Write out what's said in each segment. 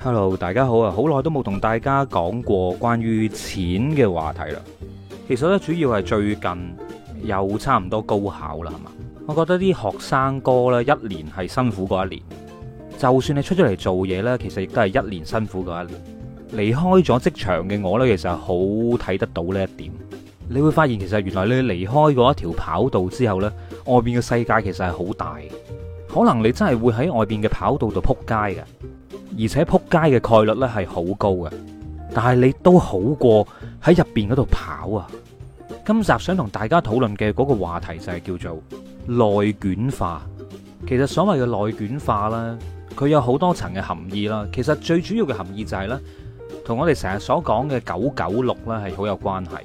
hello，大家好啊！好耐都冇同大家講過關於錢嘅話題啦。其實咧，主要係最近又差唔多高考啦，係嘛？我覺得啲學生哥咧，一年係辛苦過一年。就算你出咗嚟做嘢咧，其實亦都係一年辛苦過一年。離開咗職場嘅我呢，其實好睇得到呢一點。你會發現，其實原來你離開過一條跑道之後呢，外面嘅世界其實係好大。可能你真係會喺外邊嘅跑道度扑街嘅。而且撲街嘅概率咧係好高嘅，但係你都好過喺入邊嗰度跑啊！今集想同大家討論嘅嗰個話題就係叫做內捲化。其實所謂嘅內捲化咧，佢有好多層嘅含義啦。其實最主要嘅含義就係咧，同我哋成日所講嘅九九六咧係好有關係。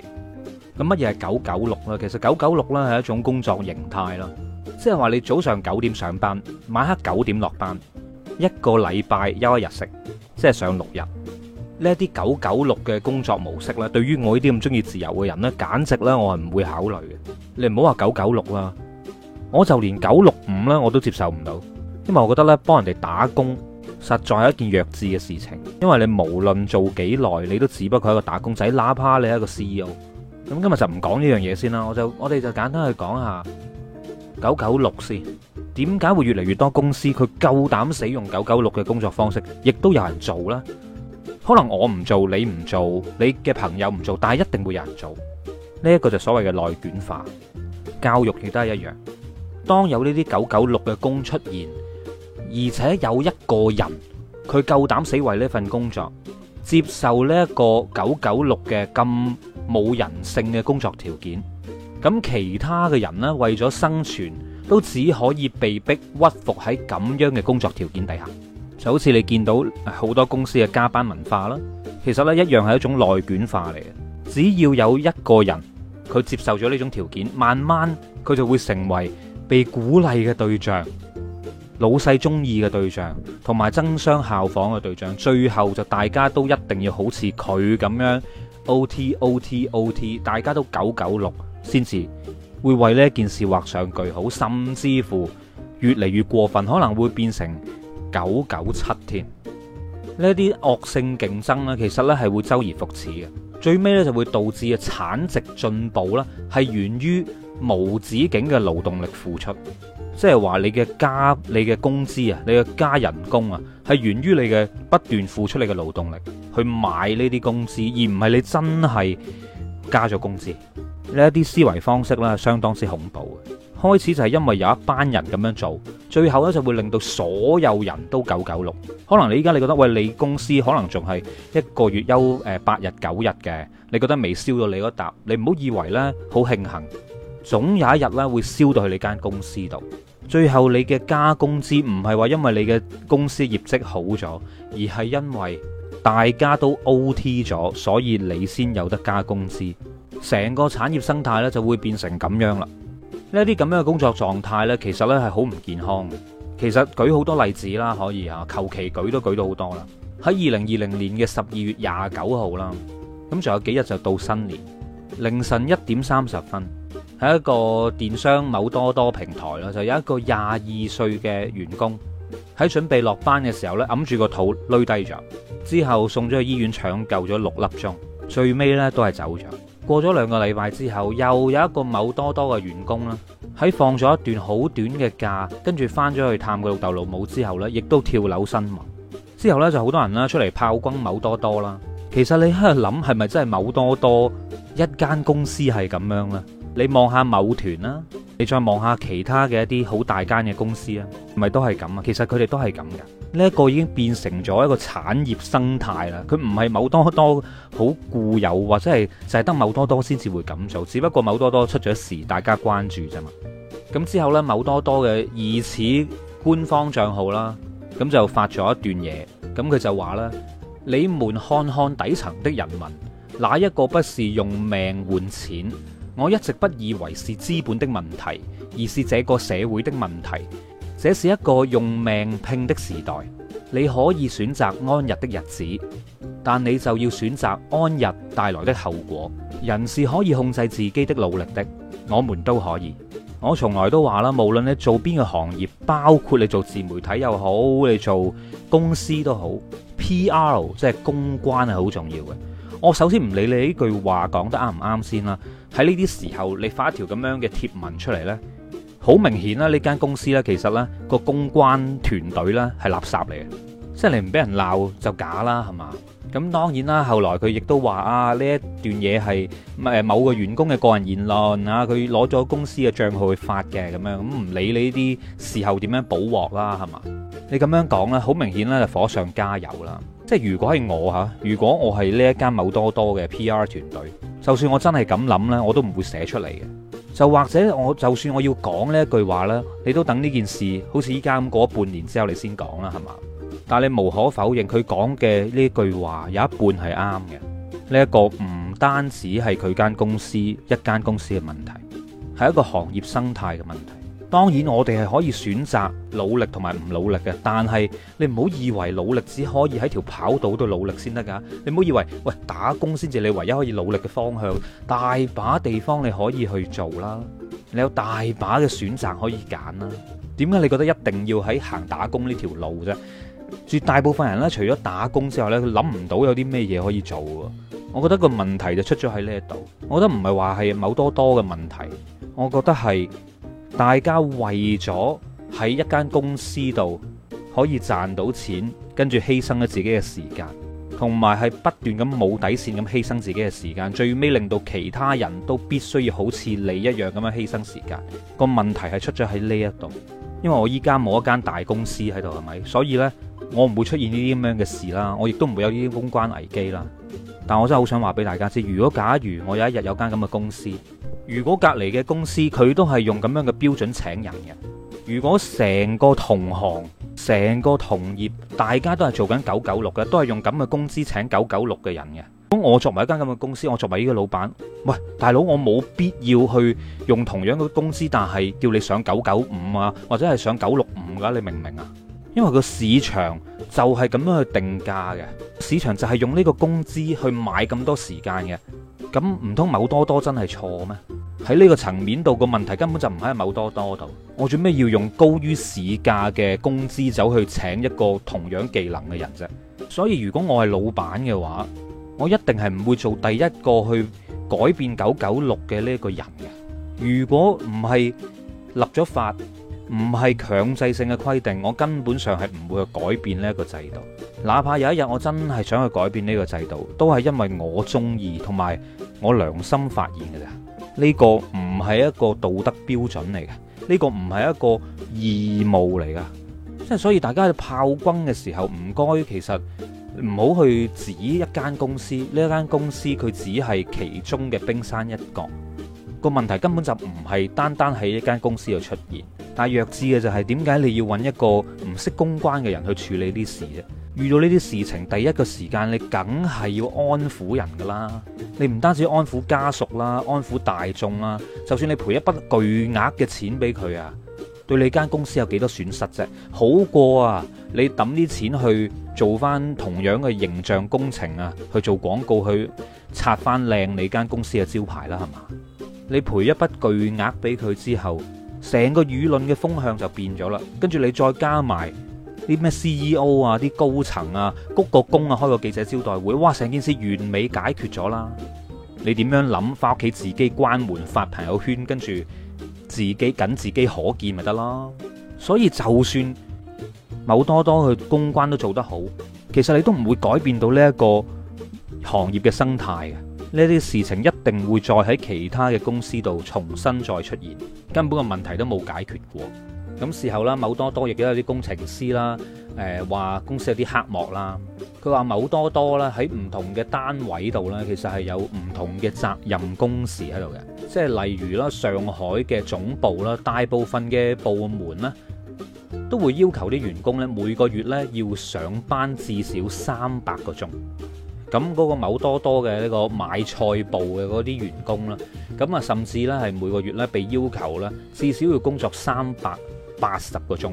咁乜嘢係九九六咧？其實九九六咧係一種工作形態啦，即係話你早上九點上班，晚黑九點落班。一個禮拜休一日食，即係上六日。呢啲九九六嘅工作模式咧，對於我呢啲咁中意自由嘅人咧，簡直呢，我係唔會考慮嘅。你唔好話九九六啦，我就連九六五呢我都接受唔到，因為我覺得呢，幫人哋打工實在係一件弱智嘅事情。因為你無論做幾耐，你都只不過係一個打工仔，哪怕你係一個 CEO。咁今日就唔講呢樣嘢先啦，我就我哋就簡單去講下。九九六先，點解會越嚟越多公司佢夠膽使用九九六嘅工作方式，亦都有人做啦？可能我唔做，你唔做，你嘅朋友唔做，但係一定會有人做。呢一個就所謂嘅內捲化，教育亦都係一樣。當有呢啲九九六嘅工出現，而且有一個人佢夠膽死為呢份工作接受呢一個九九六嘅咁冇人性嘅工作條件。咁其他嘅人呢，為咗生存，都只可以被逼屈服喺咁樣嘅工作條件底下，就好似你見到好多公司嘅加班文化啦。其實呢，一樣係一種內卷化嚟嘅。只要有一個人佢接受咗呢種條件，慢慢佢就會成為被鼓勵嘅對象、老細中意嘅對象，同埋爭相效仿嘅對象。最後就大家都一定要好似佢咁樣 O T O T O T，大家都九九六。先至會為呢件事畫上句號，甚至乎越嚟越過分，可能會變成九九七添。呢啲惡性競爭呢，其實呢係會周而復始嘅。最尾呢，就會導致嘅產值進步咧，係源於無止境嘅勞動力付出，即係話你嘅加你嘅工資啊，你嘅加人工啊，係源於你嘅不斷付出你嘅勞動力去買呢啲工資，而唔係你真係加咗工資。呢一啲思維方式咧，相當之恐怖嘅。開始就係因為有一班人咁樣做，最後呢就會令到所有人都九九六。可能你依家你覺得，喂，你公司可能仲係一個月休誒、呃、八日九日嘅，你覺得未燒到你嗰笪，你唔好以為呢好慶幸，總有一日呢會燒到去你間公司度。最後你嘅加工資唔係話因為你嘅公司業績好咗，而係因為大家都 OT 咗，所以你先有得加工資。成個產業生態咧，就會變成咁樣啦。呢啲咁樣嘅工作狀態咧，其實咧係好唔健康。其實舉好多例子啦，可以嚇求其舉都舉到好多啦。喺二零二零年嘅十二月廿九號啦，咁仲有幾日就到新年凌晨一點三十分，喺一個電商某多多平台啦，就有一個廿二歲嘅員工喺準備落班嘅時候呢，揞住個肚攣低咗，之後送咗去醫院搶救咗六粒鐘，最尾呢，都係走咗。過咗兩個禮拜之後，又有一個某多多嘅員工啦，喺放咗一段好短嘅假，跟住翻咗去探佢老豆老母之後呢，亦都跳樓身亡。之後呢，就好多人啦出嚟炮轟某多多啦。其實你喺度諗係咪真係某多多一間公司係咁樣咧？你望下某團啦，你再望下其他嘅一啲好大間嘅公司啊，咪都係咁啊？其實佢哋都係咁噶。呢一個已經變成咗一個產業生態啦，佢唔係某多多好固有或者係就係得某多多先至會咁做，只不過某多多出咗事，大家關注啫嘛。咁之後呢，某多多嘅疑似官方帳號啦，咁就發咗一段嘢，咁佢就話啦：「你們看看底層的人民，哪一個不是用命換錢？我一直不以為是資本的問題，而是這個社會的問題。」這是一個用命拼的時代，你可以選擇安逸的日子，但你就要選擇安逸帶來的後果。人是可以控制自己的努力的，我們都可以。我從來都話啦，無論你做邊個行業，包括你做自媒體又好，你做公司都好，PR 即係公關係好重要嘅。我首先唔理你呢句話講得啱唔啱先啦。喺呢啲時候，你發一條咁樣嘅貼文出嚟呢。好明顯啦，呢間公司啦，其實咧個公關團隊啦係垃圾嚟嘅，即係你唔俾人鬧就假啦，係嘛？咁當然啦，後來佢亦都話啊，呢一段嘢係誒某個員工嘅個人言論啊，佢攞咗公司嘅帳號去發嘅咁樣，咁唔理你呢啲事後點樣補鑊啦，係嘛？你咁樣講咧，好明顯呢就火上加油啦！即係如果係我嚇，如果我係呢一間某多多嘅 PR 團隊，就算我真係咁諗呢，我都唔會寫出嚟嘅。就或者我就算我要講呢一句話啦，你都等呢件事好似依家咁過咗半年之後你先講啦，係嘛？但係你無可否認，佢講嘅呢句話有一半係啱嘅。呢一個唔單止係佢間公司一間公司嘅問題，係一個行業生態嘅問題。當然，我哋係可以選擇努力同埋唔努力嘅，但係你唔好以為努力只可以喺條跑道度努力先得㗎。你唔好以為喂打工先至你唯一可以努力嘅方向，大把地方你可以去做啦。你有大把嘅選擇可以揀啦。點解你覺得一定要喺行打工呢條路啫？絕大部分人呢，除咗打工之後呢，佢諗唔到有啲咩嘢可以做喎。我覺得個問題就出咗喺呢一度。我覺得唔係話係某多多嘅問題，我覺得係。大家為咗喺一間公司度可以賺到錢，跟住犧牲咗自己嘅時間，同埋係不斷咁冇底線咁犧牲自己嘅時間，最尾令到其他人都必須要好似你一樣咁樣犧牲時間。個問題係出咗喺呢一度，因為我依家冇一間大公司喺度，係咪？所以呢，我唔會出現呢啲咁樣嘅事啦，我亦都唔會有呢啲公關危機啦。但我真係好想話俾大家知，如果假如我有一日有間咁嘅公司，如果隔離嘅公司佢都係用咁樣嘅標準請人嘅，如果成個同行、成個同業大家都係做緊九九六嘅，都係用咁嘅工資請九九六嘅人嘅，咁我作為一間咁嘅公司，我作為呢個老闆，喂，大佬，我冇必要去用同樣嘅工資，但係叫你上九九五啊，或者係上九六五㗎，你明唔明啊？因為個市場就係咁樣去定價嘅，市場就係用呢個工資去買咁多時間嘅，咁唔通某多多真係錯咩？喺呢個層面度個問題根本就唔喺某多多度，我做咩要用高於市價嘅工資走去請一個同樣技能嘅人啫？所以如果我係老闆嘅話，我一定係唔會做第一個去改變九九六嘅呢個人嘅。如果唔係立咗法。唔係強制性嘅規定，我根本上係唔會去改變呢一個制度。哪怕有一日我真係想去改變呢個制度，都係因為我中意同埋我良心發現嘅咋。呢個唔係一個道德標準嚟嘅，呢個唔係一個義務嚟嘅。即係所以大家炮轟嘅時候，唔該其實唔好去指一間公司，呢一間公司佢只係其中嘅冰山一角。個問題根本就唔係單單喺一間公司度出現。但係弱智嘅就係點解你要揾一個唔識公關嘅人去處理啲事咧？遇到呢啲事情，第一個時間你梗係要安撫人噶啦，你唔單止安撫家屬啦，安撫大眾啦，就算你賠一筆巨額嘅錢俾佢啊，對你間公司有幾多損失啫？好過啊，你抌啲錢去做翻同樣嘅形象工程啊，去做廣告，去拆翻靚你間公司嘅招牌啦，係嘛？你賠一筆巨額俾佢之後。成個輿論嘅風向就變咗啦，跟住你再加埋啲咩 CEO 啊、啲高層啊，鞠個躬啊，開個記者招待會，哇！成件事完美解決咗啦。你點樣諗？返屋企自己關門發朋友圈，跟住自己僅自己可見咪得咯。所以就算某多多佢公關都做得好，其實你都唔會改變到呢一個行業嘅生態嘅。呢啲事情一定會再喺其他嘅公司度重新再出現，根本個問題都冇解決過。咁事後啦，某多多亦都有啲工程師啦，誒話公司有啲黑幕啦。佢話某多多啦喺唔同嘅單位度呢，其實係有唔同嘅責任工時喺度嘅，即係例如啦，上海嘅總部啦，大部分嘅部門咧都會要求啲員工呢每個月呢要上班至少三百個鐘。咁嗰個某多多嘅呢個買菜部嘅嗰啲員工啦，咁啊甚至呢係每個月呢被要求呢至少要工作三百八十個鐘。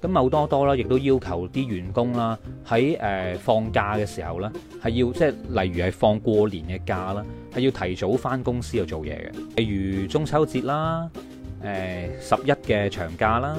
咁某多多啦，亦都要求啲員工啦喺誒放假嘅時候呢，係要即係例如係放過年嘅假啦，係要提早返公司去做嘢嘅，例如中秋節啦、誒十一嘅長假啦，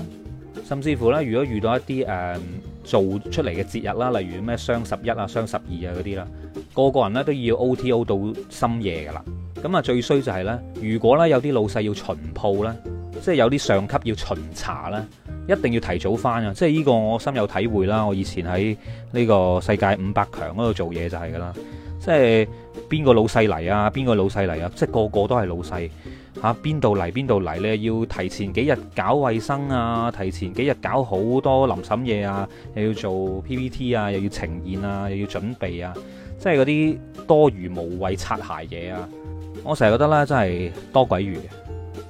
甚至乎呢，如果遇到一啲誒，呃做出嚟嘅節日啦，例如咩雙十一啊、雙十二啊嗰啲啦，個個人咧都要 O T O 到深夜噶啦。咁啊，最衰就係、是、呢，如果呢有啲老細要巡鋪呢，即係有啲上級要巡查咧，一定要提早翻啊。即係呢個我深有體會啦。我以前喺呢個世界五百強嗰度做嘢就係噶啦，即係邊個老細嚟啊？邊個老細嚟啊？即係個個都係老細。嚇，邊度嚟邊度嚟咧？要提前幾日搞衞生啊，提前幾日搞好多臨審嘢啊，又要做 PPT 啊，又要呈現啊，又要準備啊，即係嗰啲多餘無謂擦鞋嘢啊！我成日覺得咧，真係多鬼餘嘅。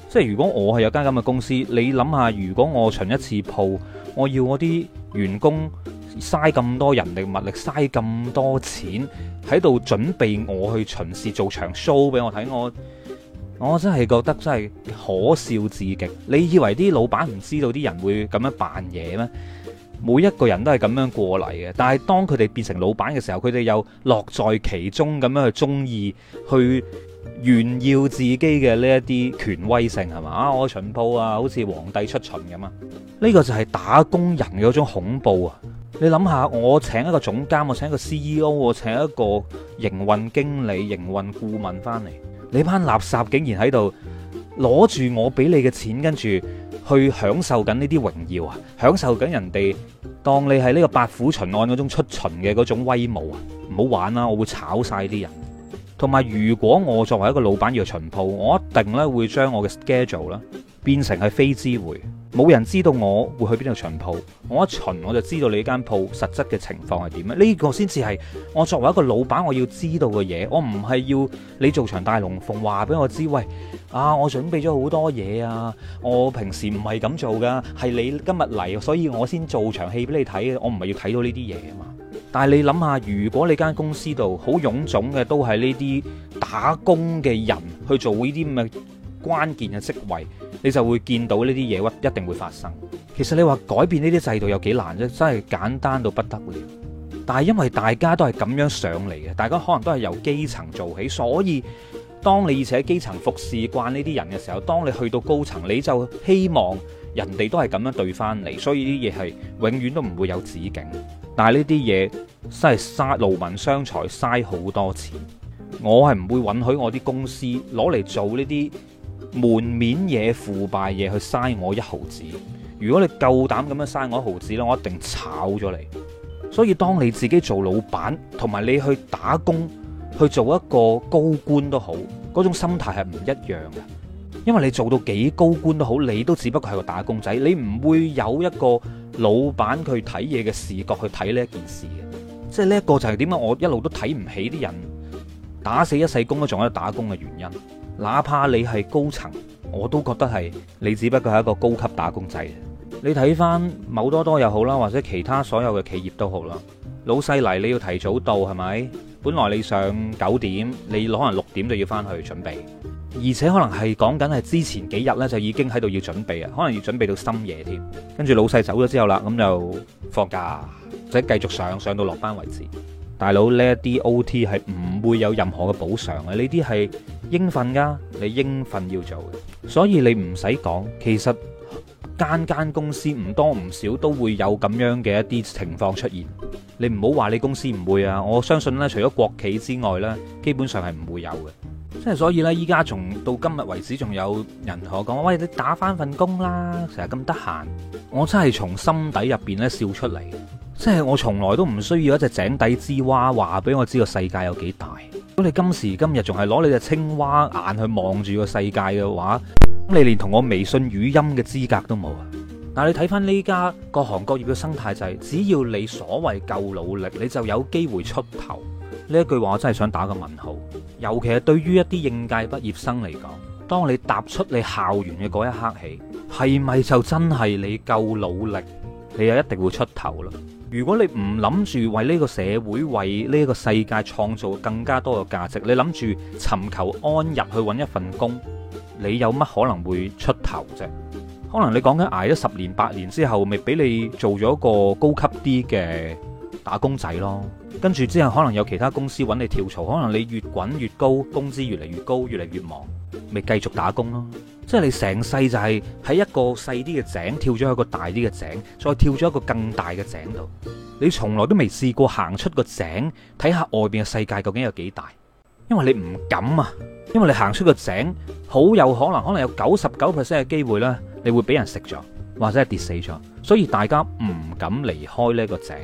即係如果我係有間咁嘅公司，你諗下，如果我巡一次鋪，我要我啲員工嘥咁多人力物力，嘥咁多錢喺度準備我去巡視做場 show 俾我睇我。我真係覺得真係可笑至極。你以為啲老闆唔知道啲人會咁樣扮嘢咩？每一個人都係咁樣過嚟嘅。但係當佢哋變成老闆嘅時候，佢哋又樂在其中咁樣去中意、去炫耀自己嘅呢一啲權威性係嘛？啊，我巡鋪啊，好似皇帝出巡咁啊！呢、這個就係打工人嘅種恐怖啊！你諗下，我請一個總監，我請一個 CEO，我請一個營運經理、營運顧問翻嚟。你班垃圾竟然喺度攞住我俾你嘅錢，跟住去享受緊呢啲榮耀啊！享受緊人哋當你係呢個八府巡按嗰種出巡嘅嗰種威武啊！唔好玩啦，我會炒晒啲人。同埋，如果我作為一個老闆要巡鋪，我一定咧會將我嘅 schedule 咧變成係非之回。冇人知道我會去邊度巡鋪，我一巡我就知道你間鋪實質嘅情況係點樣。呢個先至係我作為一個老闆我要知道嘅嘢。我唔係要你做場大龍鳳話俾我知，喂啊！我準備咗好多嘢啊！我平時唔係咁做噶，係你今日嚟，所以我先做場戲俾你睇。我唔係要睇到呢啲嘢啊嘛。但係你諗下，如果你間公司度好臃腫嘅，都係呢啲打工嘅人去做呢啲咁嘅關鍵嘅職位。你就會見到呢啲嘢屈一定會發生。其實你話改變呢啲制度有幾難啫，真係簡單到不得了。但係因為大家都係咁樣上嚟嘅，大家可能都係由基層做起，所以當你以前喺基層服侍慣呢啲人嘅時候，當你去到高層，你就希望人哋都係咁樣對翻你。所以啲嘢係永遠都唔會有止境。但係呢啲嘢真係嘥勞民傷財，嘥好多錢。我係唔會允許我啲公司攞嚟做呢啲。門面嘢、腐敗嘢，去嘥我一毫子。如果你夠膽咁樣嘥我一毫子咧，我一定炒咗你。所以當你自己做老闆，同埋你去打工去做一個高官都好，嗰種心態係唔一樣嘅。因為你做到幾高官都好，你都只不過係個打工仔，你唔會有一個老闆去睇嘢嘅視角去睇呢件事嘅。即係呢個就係點解我一路都睇唔起啲人，打死一世工都仲喺度打工嘅原因。哪怕你係高層，我都覺得係你，只不過係一個高級打工仔。你睇翻某多多又好啦，或者其他所有嘅企業都好啦。老細嚟，你要提早到，係咪？本來你上九點，你可能六點就要翻去準備，而且可能係講緊係之前幾日呢，就已經喺度要準備啊，可能要準備到深夜添。跟住老細走咗之後啦，咁就放假，或者繼續上，上到落班為止。大佬呢一啲 OT 係唔會有任何嘅補償嘅，呢啲係應份㗎，你應份要做嘅。所以你唔使講，其實間間公司唔多唔少都會有咁樣嘅一啲情況出現。你唔好話你公司唔會啊，我相信呢，除咗國企之外呢，基本上係唔會有嘅。即係所以呢，依家從到今日為止，仲有人同我講：喂，你打返份工啦，成日咁得閒。我真係從心底入邊呢笑出嚟。即係我從來都唔需要一隻井底之蛙話俾我知道世界有幾大。咁你今時今日仲係攞你隻青蛙眼去望住個世界嘅話，咁你連同我微信語音嘅資格都冇啊。但係你睇翻，呢家各行各業嘅生態就係，只要你所謂夠努力，你就有機會出頭。呢一句話我真係想打個問號。尤其係對於一啲應屆畢業生嚟講，當你踏出你校園嘅嗰一刻起，係咪就真係你夠努力？你又一定會出頭咯！如果你唔諗住為呢個社會、為呢個世界創造更加多嘅價值，你諗住尋求安逸去揾一份工，你有乜可能會出頭啫？可能你講緊捱咗十年、八年之後，咪俾你做咗個高級啲嘅打工仔咯。跟住之後可能有其他公司揾你跳槽，可能你越滾越高，工資越嚟越高，越嚟越忙，咪繼續打工咯。即係你成世就係喺一個細啲嘅井跳咗去一個大啲嘅井，再跳咗一個更大嘅井度，你從來都未試過行出個井睇下外邊嘅世界究竟有幾大，因為你唔敢啊！因為你行出個井好有可能，可能有九十九 percent 嘅機會咧，你會俾人食咗或者係跌死咗，所以大家唔敢離開呢個井，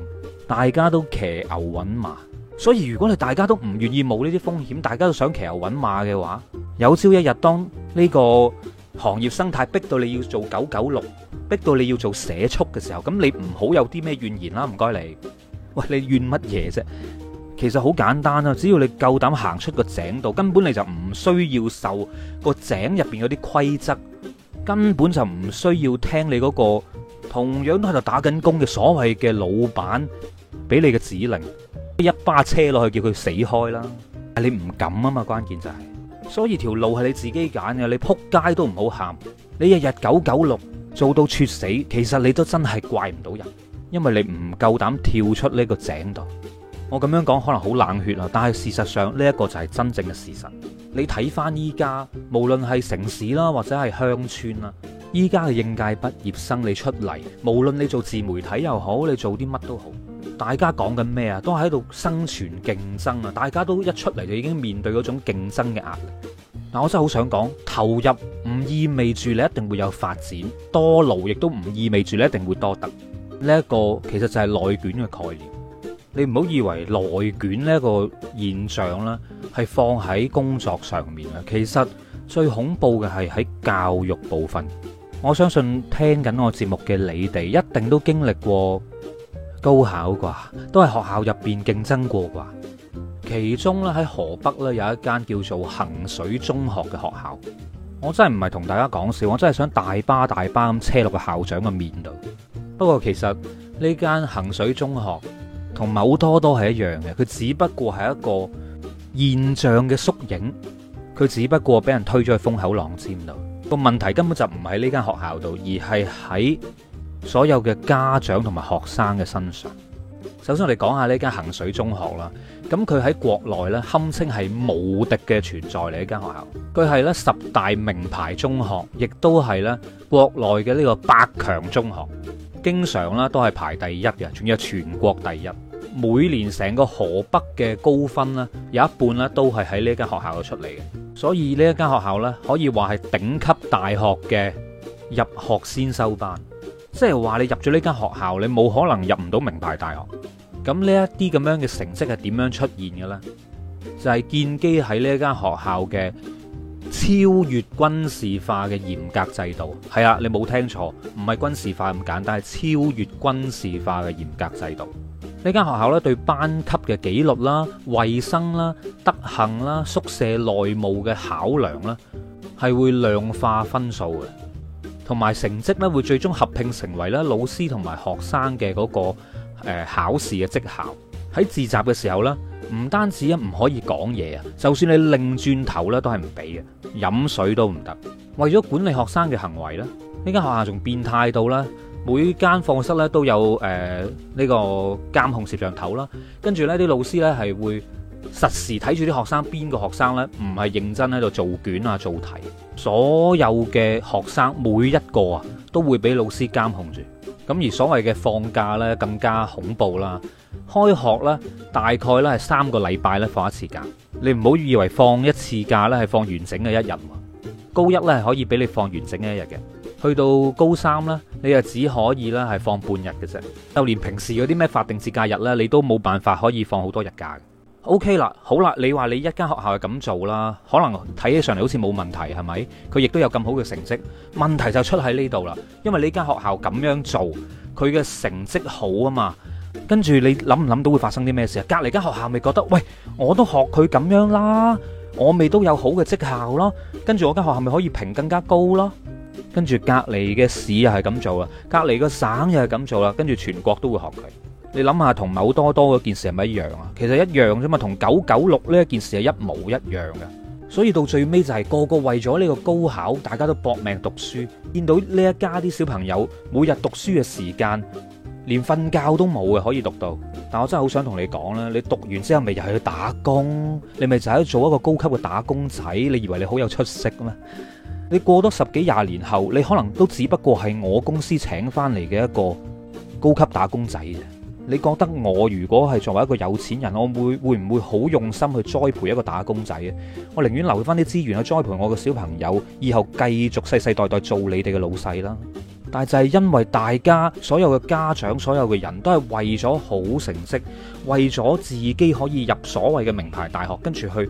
大家都騎牛揾馬，所以如果你大家都唔願意冒呢啲風險，大家都想騎牛揾馬嘅話，有朝一日當呢、這個。行業生態逼到你要做九九六，逼到你要做社畜嘅時候，咁你唔好有啲咩怨言啦。唔該你，喂，你怨乜嘢啫？其實好簡單啊，只要你夠膽行出個井度，根本你就唔需要受個井入邊嗰啲規則，根本就唔需要聽你嗰、那個同樣都喺度打緊工嘅所謂嘅老闆俾你嘅指令，一巴車落去叫佢死開啦。你唔敢啊嘛，關鍵就係、是。所以條路係你自己揀嘅，你扑街都唔好喊，你日日九九六做到猝死，其實你都真係怪唔到人，因為你唔夠膽跳出呢個井度。我咁樣講可能好冷血啊，但係事實上呢一個就係真正嘅事實。你睇翻依家，無論係城市啦，或者係鄉村啦，依家嘅應屆畢業生你出嚟，無論你做自媒體又好，你做啲乜都好。大家講緊咩啊？都喺度生存競爭啊！大家都一出嚟就已經面對嗰種競爭嘅壓力。但我真係好想講，投入唔意味住你一定會有發展，多勞亦都唔意味住你一定會多得。呢一個其實就係內卷嘅概念。你唔好以為內卷呢一個現象啦，係放喺工作上面嘅。其實最恐怖嘅係喺教育部分。我相信聽緊我節目嘅你哋一定都經歷過。高考啩，都係學校入邊競爭過啩。其中咧喺河北咧有一間叫做衡水中學嘅學校，我真係唔係同大家講笑，我真係想大巴大巴咁車落個校長嘅面度。不過其實呢間衡水中學同某多多係一樣嘅，佢只不過係一個現象嘅縮影，佢只不過俾人推咗去風口浪尖度。個問題根本就唔喺呢間學校度，而係喺。所有嘅家長同埋學生嘅身上，首先我哋講下呢間衡水中學啦。咁佢喺國內呢，堪稱係無敵嘅存在嚟，呢間學校佢係呢，十大名牌中學，亦都係呢，國內嘅呢個百強中學，經常呢都係排第一嘅，仲有全國第一。每年成個河北嘅高分呢，有一半呢都係喺呢間學校度出嚟嘅。所以呢一間學校呢，可以話係頂級大學嘅入學先修班。即係話你入咗呢間學校，你冇可能入唔到名牌大學。咁呢一啲咁樣嘅成績係點樣出現嘅呢？就係建基喺呢一間學校嘅超越軍事化嘅嚴格制度。係啊，你冇聽錯，唔係軍事化咁簡單，係超越軍事化嘅嚴格制度。呢間學校咧對班級嘅紀律啦、衛生啦、德行啦、宿舍內務嘅考量啦，係會量化分數嘅。同埋成績咧，會最終合併成為咧老師同埋學生嘅嗰、那個、呃、考試嘅績效。喺自習嘅時候咧，唔單止啊唔可以講嘢啊，就算你擰轉頭咧都係唔俾嘅，飲水都唔得。為咗管理學生嘅行為咧，呢間學校仲變態到咧，每間課室咧都有誒呢、呃這個監控攝像頭啦，跟住呢啲老師咧係會，實時睇住啲學生，邊個學生呢，唔係認真喺度做卷啊、做題。所有嘅學生每一個啊，都會俾老師監控住。咁而所謂嘅放假呢，更加恐怖啦。開學呢，大概呢係三個禮拜呢放一次假。你唔好以為放一次假呢係放完整嘅一日。高一呢係可以俾你放完整嘅一日嘅，去到高三呢，你啊只可以呢係放半日嘅啫。就連平時嗰啲咩法定節假日呢，你都冇辦法可以放好多日假。O K 啦，好啦，你話你一間學校係咁做啦，可能睇起上嚟好似冇問題係咪？佢亦都有咁好嘅成績，問題就出喺呢度啦。因為呢間學校咁樣做，佢嘅成績好啊嘛，跟住你諗唔諗到會發生啲咩事啊？隔籬間學校咪覺得喂，我都學佢咁樣啦，我咪都有好嘅績效咯，跟住我間學校咪可以評更加高咯，跟住隔籬嘅市又係咁做啦，隔籬嘅省又係咁做啦，跟住全國都會學佢。你諗下同某多多嗰件事係咪一樣啊？其實一樣啫嘛，同九九六呢件事係一模一樣嘅。所以到最尾就係個個為咗呢個高考，大家都搏命讀書，見到呢一家啲小朋友每日讀書嘅時間連瞓覺都冇嘅可以讀到。但我真係好想同你講啦，你讀完之後咪又係去打工，你咪就喺做一個高級嘅打工仔。你以為你好有出息咩？你過多十幾廿年後，你可能都只不過係我公司請翻嚟嘅一個高級打工仔。你覺得我如果係作為一個有錢人，我會會唔會好用心去栽培一個打工仔啊？我寧願留返啲資源去栽培我嘅小朋友，以後繼續世世代代做你哋嘅老細啦。但就係因為大家所有嘅家長所有嘅人都係為咗好成績，為咗自己可以入所謂嘅名牌大學，跟住去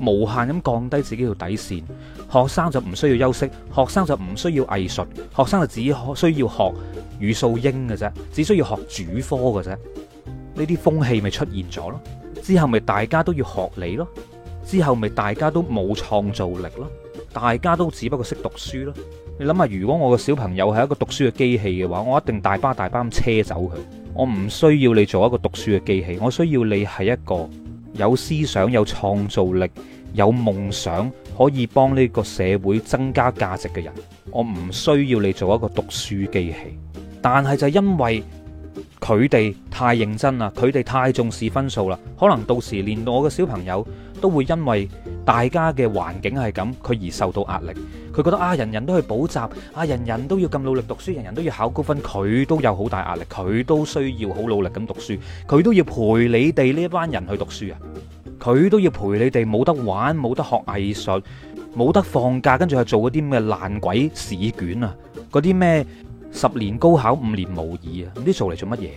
無限咁降低自己嘅底線。學生就唔需要休息，學生就唔需要藝術，學生就只需要學語數英嘅啫，只需要學主科嘅啫。呢啲風氣咪出現咗咯，之後咪大家都要學理咯，之後咪大家都冇創造力咯，大家都只不過識讀書咯。你諗下，如果我個小朋友係一個讀書嘅機器嘅話，我一定大巴大巴咁車走佢。我唔需要你做一個讀書嘅機器，我需要你係一個有思想、有創造力、有夢想，可以幫呢個社會增加價值嘅人。我唔需要你做一個讀書機器，但係就因為佢哋太認真啦，佢哋太重視分數啦，可能到時連我嘅小朋友。都會因為大家嘅環境係咁，佢而受到壓力。佢覺得啊，人人都去補習，啊人人都要咁努力讀書，人人都要考高分，佢都有好大壓力。佢都需要好努力咁讀書，佢都要陪你哋呢班人去讀書啊！佢都要陪你哋冇得玩，冇得學藝術，冇得放假，跟住去做嗰啲咩嘅爛鬼試卷啊！嗰啲咩十年高考五年模擬啊！呢啲做嚟做乜嘢？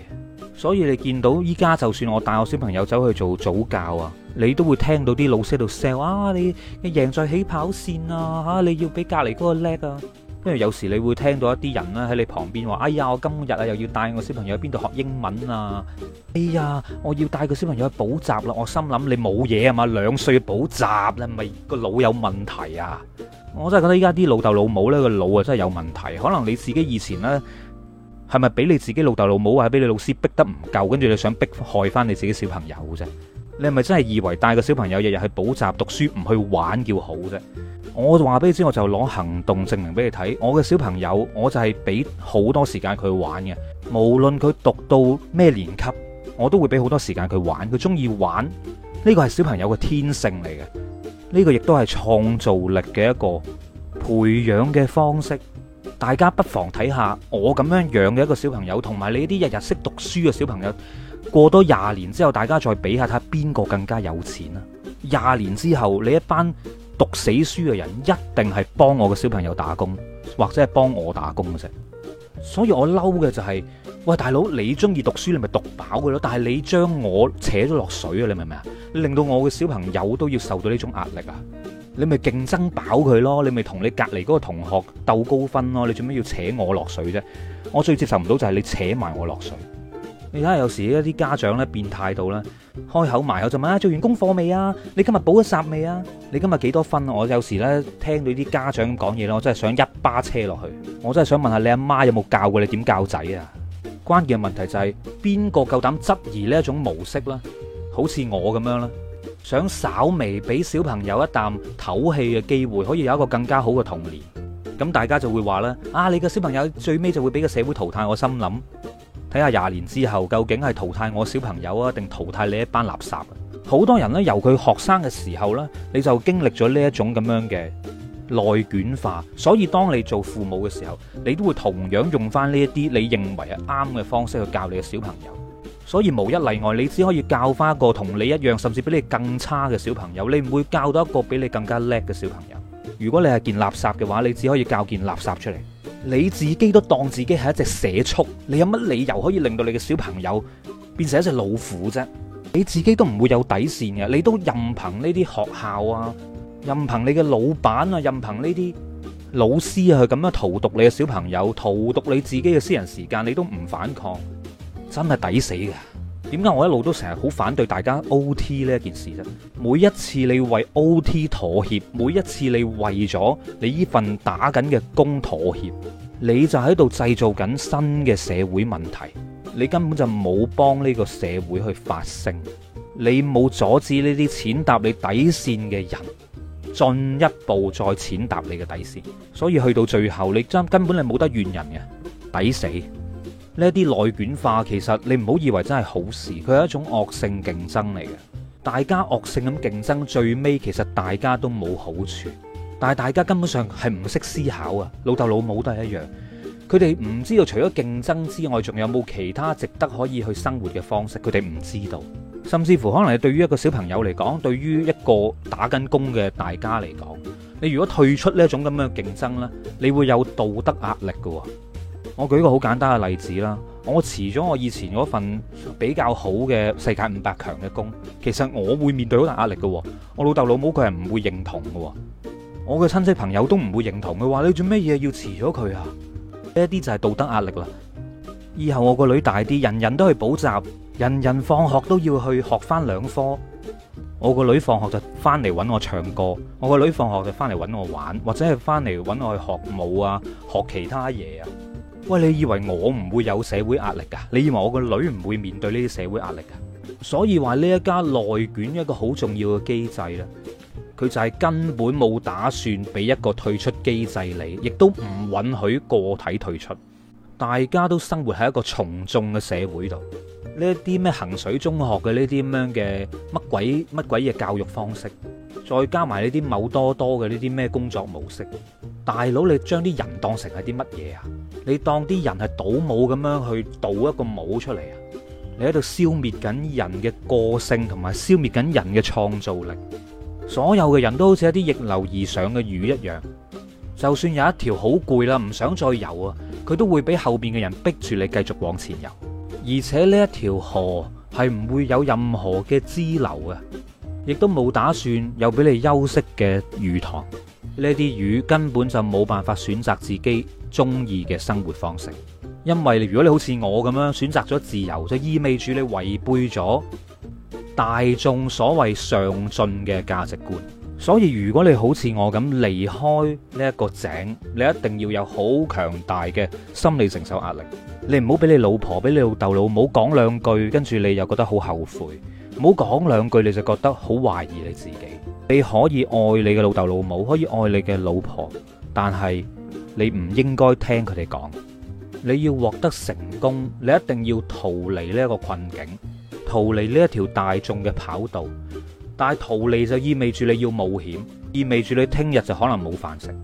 所以你見到依家就算我帶我小朋友走去做早教啊，你都會聽到啲老師喺度 sell 啊，你你贏在起跑線啊，嚇你要比隔離嗰個叻啊，因為有時你會聽到一啲人咧喺你旁邊話，哎呀我今日啊又要帶我小朋友去邊度學英文啊，哎呀我要帶個小朋友去補習啦，我心諗你冇嘢啊嘛，兩歲補習啦咪個腦有問題啊，我真係覺得依家啲老豆老母咧個腦啊真係有問題，可能你自己以前咧。係咪俾你自己老豆老母或者俾你老師逼得唔夠，跟住你想逼害翻你自己小朋友啫？你係咪真係以為帶個小朋友日日去補習讀書唔去玩叫好啫？我話俾你知，我就攞行動證明俾你睇。我嘅小朋友，我就係俾好多時間佢玩嘅。無論佢讀到咩年級，我都會俾好多時間佢玩。佢中意玩，呢個係小朋友嘅天性嚟嘅，呢個亦都係創造力嘅一個培養嘅方式。大家不妨睇下我咁樣養嘅一個小朋友，同埋你啲日日識讀書嘅小朋友，過多廿年之後，大家再比下睇下邊個更加有錢啦！廿年之後，你一班讀死書嘅人一定係幫我嘅小朋友打工，或者係幫我打工嘅啫。所以我嬲嘅就係，喂大佬，你中意讀書，你咪讀飽嘅咯，但係你將我扯咗落水啊！你明唔明啊？令到我嘅小朋友都要受到呢種壓力啊！你咪競爭飽佢咯，你咪同你隔離嗰個同學鬥高分咯，你做咩要扯我落水啫？我最接受唔到就係你扯埋我落水。你睇下有時一啲家長咧變態到咧，開口埋口就問啊：做完功課未啊？你今日補咗習未啊？你今日幾多分啊？我有時咧聽到啲家長講嘢咧，我真係想一巴車落去。我真係想問下你阿媽有冇教過你點教仔啊？關鍵嘅問題就係邊個夠膽質疑呢一種模式啦，好似我咁樣啦。想稍微俾小朋友一啖唞氣嘅機會，可以有一個更加好嘅童年。咁大家就會話啦：啊，你個小朋友最尾就會俾個社會淘汰我。我心諗，睇下廿年之後究竟係淘汰我小朋友啊，定淘汰你一班垃圾？好多人呢，由佢學生嘅時候呢，你就經歷咗呢一種咁樣嘅內卷化。所以當你做父母嘅時候，你都會同樣用翻呢一啲你認為係啱嘅方式去教你嘅小朋友。所以無一例外，你只可以教翻一個同你一樣，甚至比你更差嘅小朋友。你唔會教到一個比你更加叻嘅小朋友。如果你係件垃圾嘅話，你只可以教件垃圾出嚟。你自己都當自己係一隻社畜，你有乜理由可以令到你嘅小朋友變成一隻老虎啫？你自己都唔會有底線嘅，你都任憑呢啲學校啊，任憑你嘅老闆啊，任憑呢啲老師啊去咁樣荼毒你嘅小朋友，荼毒你自己嘅私人時間，你都唔反抗。真係抵死㗎，點解我一路都成日好反對大家 O T 呢件事啫？每一次你為 O T 妥協，每一次你為咗你呢份打緊嘅工妥協，你就喺度製造緊新嘅社會問題。你根本就冇幫呢個社會去發聲，你冇阻止呢啲踐踏你底線嘅人進一步再踐踏你嘅底線。所以去到最後，你真根本係冇得怨人嘅，抵死。呢啲內卷化，其實你唔好以為真係好事，佢係一種惡性競爭嚟嘅。大家惡性咁競爭，最尾其實大家都冇好處。但係大家根本上係唔識思考啊。老豆老母都係一樣。佢哋唔知道除咗競爭之外，仲有冇其他值得可以去生活嘅方式。佢哋唔知道，甚至乎可能係對於一個小朋友嚟講，對於一個打緊工嘅大家嚟講，你如果退出呢一種咁樣嘅競爭咧，你會有道德壓力㗎。我舉個好簡單嘅例子啦。我辭咗我以前嗰份比較好嘅世界五百強嘅工，其實我會面對好大壓力㗎喎。我老豆老母佢係唔會認同㗎喎。我嘅親戚朋友都唔會認同嘅話，你做咩嘢要辭咗佢啊？呢一啲就係道德壓力啦。以後我個女大啲，人人都去補習，人人放學都要去學翻兩科。我個女放學就翻嚟揾我唱歌，我個女放學就翻嚟揾我玩，或者係翻嚟揾我去學舞啊，學其他嘢啊。喂，你以為我唔會有社會壓力噶？你以為我個女唔會面對呢啲社會壓力噶？所以話呢一家內捲一個好重要嘅機制咧，佢就係根本冇打算俾一個退出機制你，亦都唔允許個體退出。大家都生活喺一個從眾嘅社會度，呢一啲咩衡水中學嘅呢啲咁樣嘅乜鬼乜鬼嘅教育方式，再加埋呢啲某多多嘅呢啲咩工作模式，大佬你將啲人當成係啲乜嘢啊？你當啲人係倒模咁樣去倒一個模出嚟啊！你喺度消滅緊人嘅個性，同埋消滅緊人嘅創造力。所有嘅人都好似一啲逆流而上嘅魚一樣，就算有一條好攰啦，唔想再游啊，佢都會俾後邊嘅人逼住你繼續往前游。而且呢一條河係唔會有任何嘅支流嘅，亦都冇打算有俾你休息嘅魚塘。呢啲魚根本就冇辦法選擇自己中意嘅生活方式，因為如果你好似我咁樣選擇咗自由，就意味住你違背咗大眾所謂上進嘅價值觀。所以如果你好似我咁離開呢一個井，你一定要有好強大嘅心理承受壓力。你唔好俾你老婆、俾你老豆、老母講兩句，跟住你又覺得好後悔。唔好講兩句，你就覺得好懷疑你自己。你可以愛你嘅老豆老母，可以愛你嘅老婆，但係。你唔應該聽佢哋講，你要獲得成功，你一定要逃離呢個困境，逃離呢一條大眾嘅跑道。但係逃離就意味住你要冒險，意味住你聽日就可能冇飯食。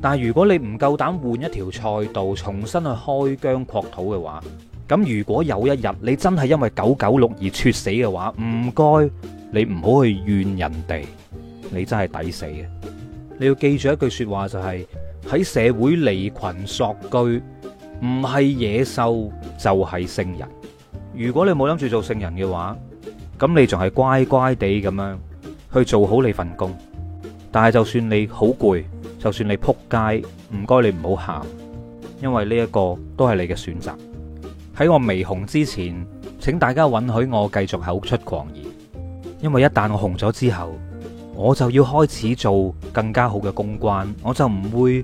但係如果你唔夠膽換一條賽道，重新去開疆擴土嘅話，咁如果有一日你真係因為九九六而猝死嘅話，唔該，你唔好去怨人哋，你真係抵死嘅。你要記住一句說話就係。喺社會離群索居，唔係野獸就係聖人。如果你冇諗住做聖人嘅話，咁你仲係乖乖地咁樣去做好你份工。但係就算你好攰，就算你撲街，唔該你唔好喊，因為呢一個都係你嘅選擇。喺我未紅之前，請大家允許我繼續口出狂言，因為一旦我紅咗之後。我就要開始做更加好嘅公關，我就唔會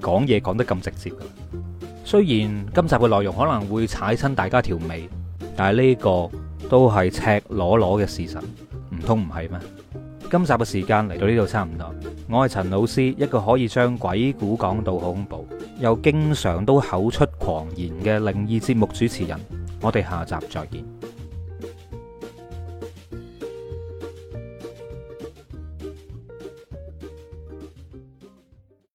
講嘢講得咁直接㗎。雖然今集嘅內容可能會踩親大家條尾，但係呢個都係赤裸裸嘅事實，唔通唔係咩？今集嘅時間嚟到呢度差唔多，我係陳老師，一個可以將鬼故講到好恐怖，又經常都口出狂言嘅靈異節目主持人，我哋下集再見。